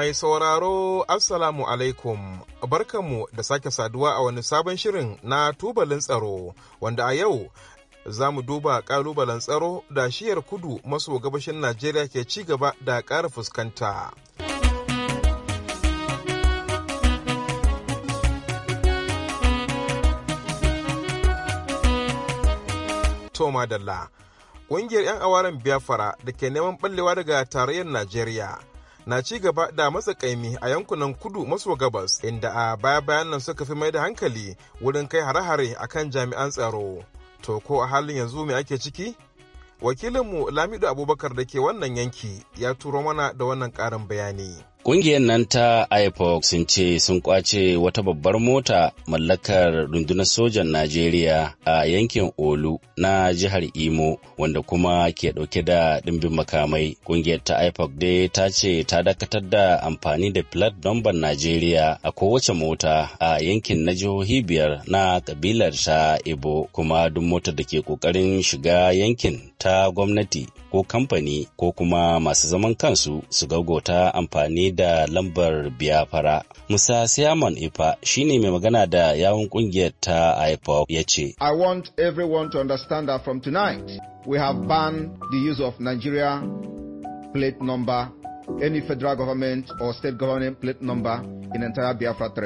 Mai sauraro Assalamu alaikum barkanmu da sake saduwa a wani sabon shirin na tubalin tsaro wanda a yau za mu duba kalubalen tsaro da shiyar kudu maso gabashin Najeriya ke ci gaba da ƙara fuskanta. Toma Dalla Ƙungiyar 'yan awaren Biafra da ke neman ɓallewa daga tarayyar Najeriya na ci gaba da matsa kaimi a yankunan kudu maso gabas inda a baya-bayan nan suka fi mai da hankali wurin kai hare-hare a kan jami'an tsaro. To ko a halin yanzu me ake ciki? Wakilinmu Lamido Abubakar da ke wannan yanki ya turo mana da wannan ƙarin bayani. Ƙungiyar nan ta IPOC sun ce sun kwace wata babbar mota mallakar rundunar sojan Najeriya a yankin Olu na jihar Imo wanda kuma ke ɗauke da ɗimbin makamai. Ƙungiyar ta IPOC dai ta ce ta dakatar da amfani da plat number Najeriya a kowace mota a yankin na jihohi biyar na kabilar ta Ibo kuma duk motar da ke ƙoƙarin shiga yankin ta gwamnati ko kamfani ko kuma masu zaman kansu su gaugota amfani da lambar biyafara. Musa Siamon Ifa shi ne mai magana da yawon kungiyar ta IPOP ya ce. I want everyone to understand that from tonight we have banned the use of Nigeria plate number, any federal government or state government plate number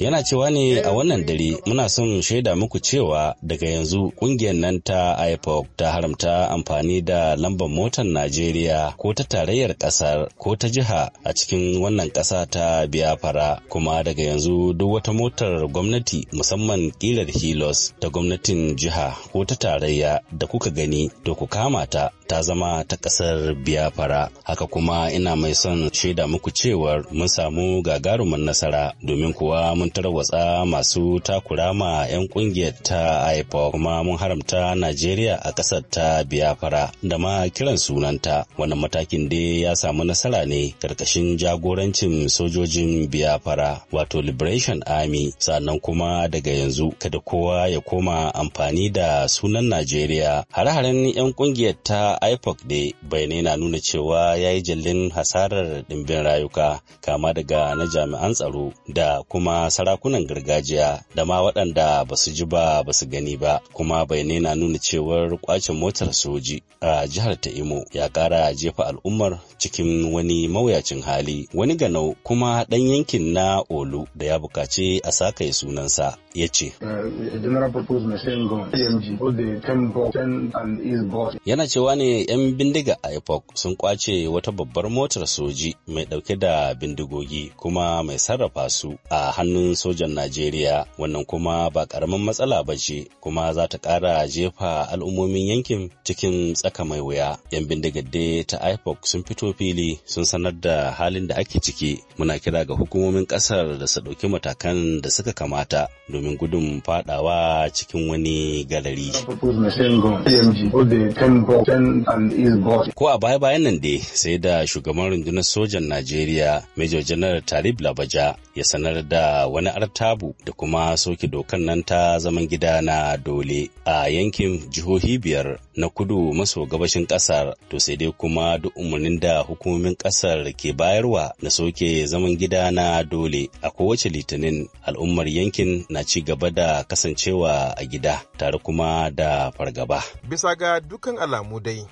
Yana cewa ne a wannan dare muna son shaida muku cewa daga yanzu kungiyar nan ta IPOC ta haramta amfani da lambar motar Najeriya ko ta tarayyar kasar ko ta jiha a cikin wannan kasa ta Biafra kuma daga yanzu duk wata motar gwamnati musamman kilar Hilos ta gwamnatin jiha ko ta tarayya da kuka gani to ku kama ta ta zama ta kasar Biafra haka kuma ina mai son shaida muku cewar mun samu gagarumin nasara domin kuwa mun tarwatsa masu takura ma 'yan kungiyar ta Ipo. kuma mun haramta Najeriya a ƙasar ta Biafra da ma kiran sunanta wannan matakin dai ya samu nasara ne karkashin jagorancin sojojin Biyafara wato Liberation Army sannan kuma daga yanzu kada kowa ya koma amfani da sunan Najeriya hare-haren 'yan kungiyar ta IPOC dai bayanai na nuna cewa ya yi jallin hasarar ɗimbin rayuka kama daga na jami'an tsaro da kuma sarakunan gargajiya da ma waɗanda ba su ji ba ba su gani ba kuma bayanai na nuna cewar kwacin motar soji a jihar ta imo ya ƙara jefa al'ummar cikin wani mawuyacin hali wani ganau kuma ɗan yankin na olu da ya buƙaci a sakaye sunansa ya ce uh, yana cewa ne 'yan bindiga ipoc sun kwace wata babbar motar soji mai ɗauke da bindigogi kuma mai sarrafa su a hannun sojan Najeriya wannan kuma ba karamin matsala ba ce kuma za ta kara jefa al'ummomin yankin cikin tsaka mai wuya. 'Yan bindigadde ta IPOC sun fito fili sun sanar da halin da ake ciki muna kira ga hukumomin kasar da su ɗauki matakan da suka kamata domin gudun fadawa cikin wani galari. Ko a baya-bayan nan dai sai da shugaban rundunar sojan Najeriya Major General Talib Labaja ya sanar da wani artabu da kuma soke dokar nan ta zaman gida na dole a yankin jihohi biyar na kudu maso gabashin kasar to sai dai kuma duk umarnin da hukumomin kasar ke bayarwa na soke zaman gida na dole a kowace litinin al'ummar yankin na ci gaba da kasancewa a gida tare kuma da fargaba bisa ga dukkan alamu dai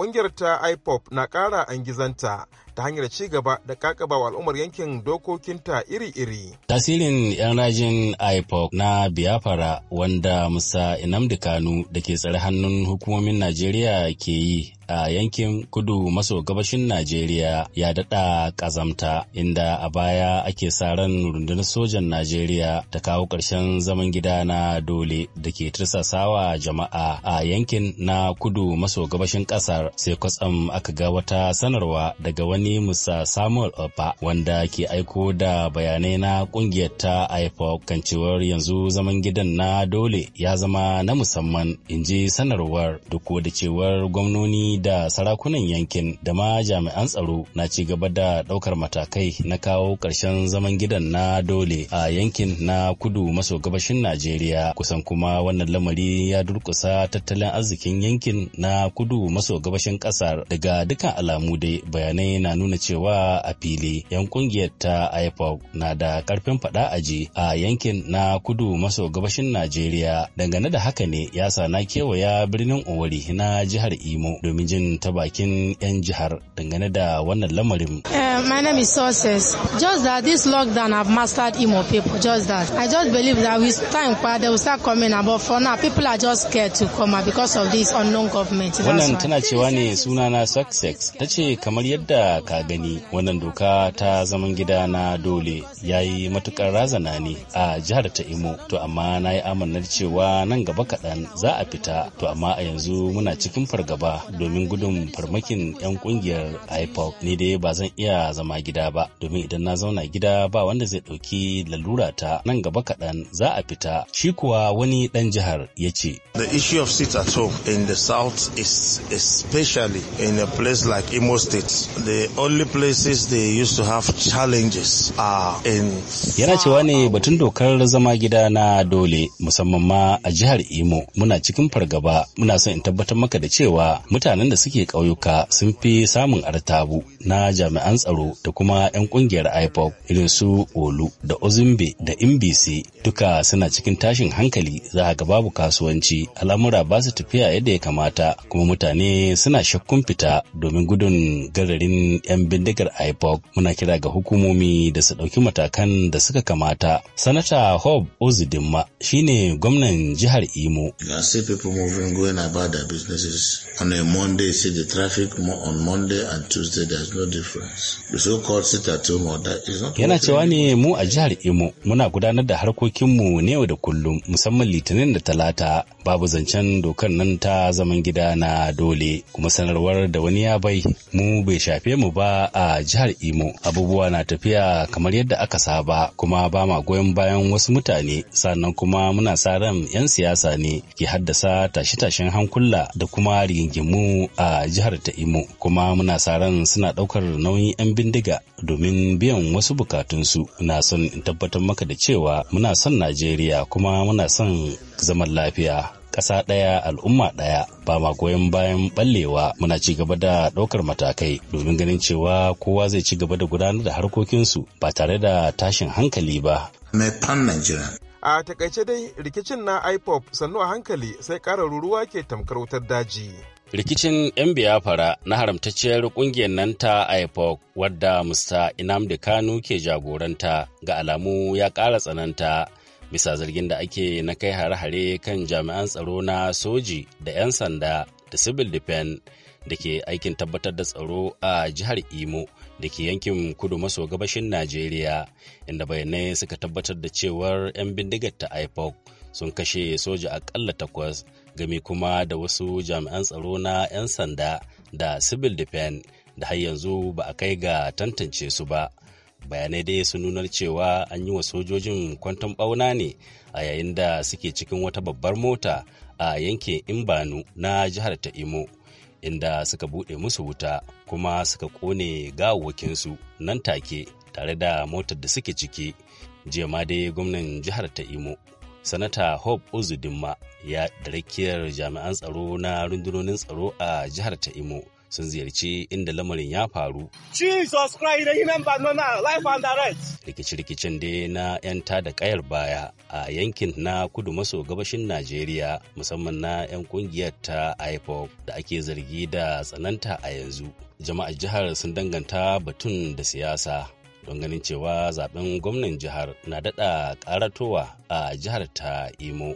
ƙungiyar ta ipop na ƙara an gizanta ta hanyar ci gaba da wa al'ummar yankin dokokinta iri-iri. Tasirin 'yan rajin IPOC na Biafra wanda Musa Inamdi Kanu da ke tsare hannun hukumomin Najeriya ke yi a yankin kudu maso gabashin Najeriya ya daɗa ƙazamta inda a baya ake sa ran rundunar sojan Najeriya ta kawo ƙarshen zaman gida na dole da ke tirsasawa jama'a a yankin na kudu maso gabashin ƙasar sai kwatsam aka ga wata sanarwa daga wani Musa Samuel Opa wanda ke aiko da bayanai na ƙungiyar ta IFOP kan cewar yanzu zaman gidan na dole ya zama na musamman in ji sanarwar duk da cewar gwamnoni da sarakunan yankin da ma jami'an tsaro na ci gaba da ɗaukar matakai na kawo ƙarshen zaman gidan na dole a yankin na kudu maso gabashin Najeriya kusan kuma wannan lamari ya durkusa tattalin arzikin yankin na kudu maso gabashin ƙasar daga dukkan alamu dai bayanai na nuna cewa a fili yan kungiyar ta IPOC na da ƙarfin faɗa aji a yankin na kudu maso gabashin Najeriya dangane da haka ne ya sa na kewaya birnin Owari na jihar Imo domin jin ta bakin 'yan jihar dangane da wannan lamarin. Eh, my name is Sources. Just that this lockdown have mastered Imo people. Just that. I just believe that with time pa they will start coming about for now people are just scared to come out because of this unknown government. Wannan tana cewa ne sunana Sussex ta ce kamar yadda ka gani wannan doka ta zaman gida na dole ya yi matukar razana ne a jihar ta Imo to amma na yi amanar cewa nan gaba kaɗan za a fita to amma a yanzu muna cikin fargaba domin domin gudun farmakin 'yan kungiyar ipop ne dai ba zan iya zama gida ba domin idan na zauna gida ba wanda zai ɗauki lalura ta nan gaba kaɗan za a fita shi kuwa wani ɗan jihar ya ce the issue of seats at home in the south is especially in a place like imo state the only places they used to have challenges are in yana cewa ne batun dokar zama gida na dole musamman ma a jihar imo muna cikin fargaba muna son in tabbatar maka da cewa mutanen da suke ƙauyuka sun fi samun artabu na jami'an tsaro da kuma 'yan ƙungiyar IPOP irin su Olu da ozimbe da Imbisi duka suna cikin tashin hankali za ga babu kasuwanci al'amura ba su tafiya yadda ya kamata kuma mutane suna shakkun fita domin gudun gararin 'yan bindigar IPOP muna kira ga hukumomi da su ɗauki matakan da suka kamata. Sanata Hob ozidimma shine gwamnan jihar Imo. Monday, you see the traffic on Monday and Tuesday there's no difference. The so-called sit-at-home that is not Yana cewa ne mu a jihar Imo muna gudanar da harkokin harkokinmu ne da kullum musamman Litinin da Talata babu zancen dokar nan ta zaman gida na dole kuma sanarwar da wani ya bai mu bai shafe mu ba a jihar Imo abubuwa na tafiya kamar yadda aka saba kuma ba ma goyon bayan wasu mutane sannan kuma muna sa ran 'yan siyasa ne ke haddasa tashe-tashen hankula da kuma rigingimu a jihar ta Imo kuma muna sa ran suna ɗaukar nauyin 'yan bindiga domin biyan wasu bukatunsu na son in tabbatar maka da cewa muna son Najeriya kuma muna son zaman lafiya ƙasa ɗaya al'umma ɗaya ba ma goyon bayan ɓallewa muna ci gaba da ɗaukar matakai domin ganin cewa kowa zai ci gaba da gudanar da harkokinsu ba tare da tashin hankali ba. Mai pan A takaice dai rikicin na IPOP sannu a hankali sai ƙara ruruwa ke tamkar wutar daji. Rikicin 'yan biyafara na haramtacciyar kungiyar nan ta IPOC wadda Mr. Inamdi Kanu ke jagoranta ga alamu ya ƙara tsananta bisa zargin da ake na kai hare-hare kan jami'an tsaro na soji da 'yan sanda da civil defense da ke aikin tabbatar da tsaro a jihar imo da ke yankin kudu maso gabashin najeriya inda bayanai suka tabbatar da cewar 'yan bindigar ta ipoc sun kashe soja akalla takwas gami kuma da wasu jami'an tsaro na 'yan sanda da civil defense da har yanzu ba a kai ga tantance su ba bayanai dai sun nunar cewa an yi wa sojojin kwanton bauna ne a yayin da suke cikin wata babbar mota a yankin imbanu na jihar ta imo inda suka buɗe musu wuta kuma suka ƙone gawawakinsu nan take tare da motar da suke ciki jiya ma dai gwamnan jihar ta imo sanata hope uzudinma ya darakiyar jami'an tsaro na rundunonin tsaro a jihar ta imo sun ziyarci inda lamarin ya faru. Jesus Christ, remember nona life and direct Rikici-rikicin dai na 'yan da kayar baya a yankin na kudu maso gabashin Najeriya musamman na 'yan kungiyar ta IPOP da ake zargi da tsananta a yanzu. Jama'ar jihar sun danganta batun da siyasa. don ganin cewa zaben gwamnan jihar na dada ƙaratowa a jihar ta imo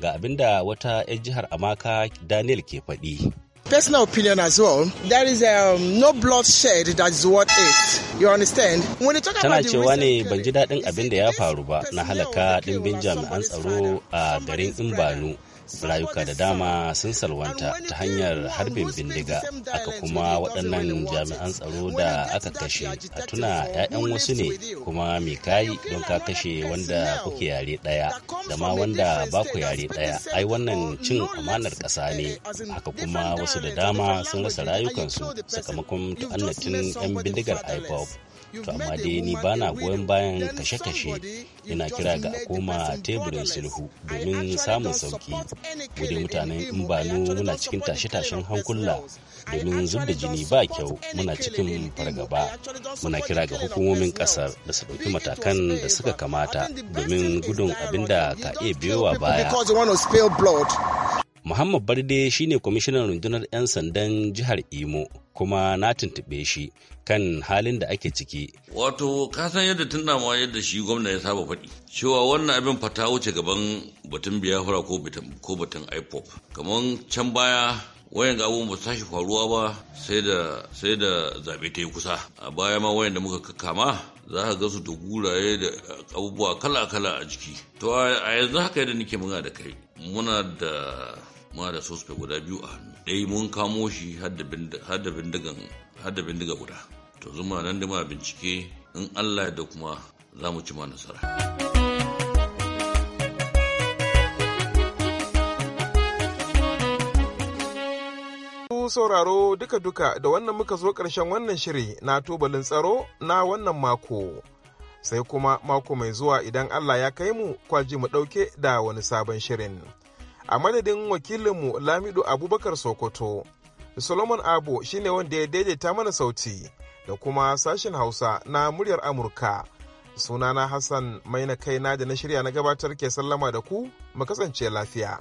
ga abinda wata 'yan jihar amaka daniel ke faɗi. personal opinion as well, there is um, no bloodshed that is what is. You understand? When talk Tana cewa ne ban ji daɗin abin da ya faru ba na halaka ɗimbin jami'an tsaro a garin Imbanu. rayuka da dama sun salwanta ta hanyar harbin bindiga aka kuma waɗannan jami'an tsaro da aka kashe a tuna 'ya'yan wasu ne kuma mai kayi don ka kashe wanda kuke yare ɗaya da ma wanda ba ku yare ɗaya ai wannan cin amanar ƙasa ne uh, haka kuma wasu da dama sun rasa rayukansu sakamakon ta'annatin 'yan bindigar ipop to amma dai ni ba na goyon bayan kashe-kashe ina kira ga koma teburin sulhu domin samun sauki mu in in imbanu muna cikin tashe-tashen hankula domin zub da jini ba kyau muna cikin fargaba muna kira ga hukumomin kasar da su ɗauki matakan da suka kamata domin gudun abin ka iya biyowa baya Muhammad Barde ne kwamishinan rundunar 'yan sandan jihar Imo kuma na tuntuɓe shi kan halin da ake ciki. Wato ka san yadda tun ma yadda shi gwamna ya saba faɗi cewa wannan abin fata wuce gaban batun biyafra ko batun IPOP. Kamar can baya wayan ga abubuwan ba su tashi faruwa ba sai da sai da zabe ta yi kusa a baya ma wayan da muka kama za ka ga su da guraye da abubuwa kala-kala a jiki to a yanzu haka yadda nake muna da kai muna da ma da sospe guda biyu a hannu ɗaya mun kamo shi hada bindiga guda to zuma nan da ma bincike in allah da kuma za mu ci ma nasara. sauraro duka-duka da wannan muka zo ƙarshen wannan shiri na tubalin tsaro na wannan mako. Sai kuma mako mai zuwa idan Allah ya kai mu kwaji mu ɗauke da wani sabon shirin. a madadin wakilinmu lamido abubakar sokoto solomon abu shine wanda ya daidaita mana sauti da kuma sashen hausa na muryar amurka sunana hassan mai na kai na da na shirya na gabatar ke sallama da ku mu kasance lafiya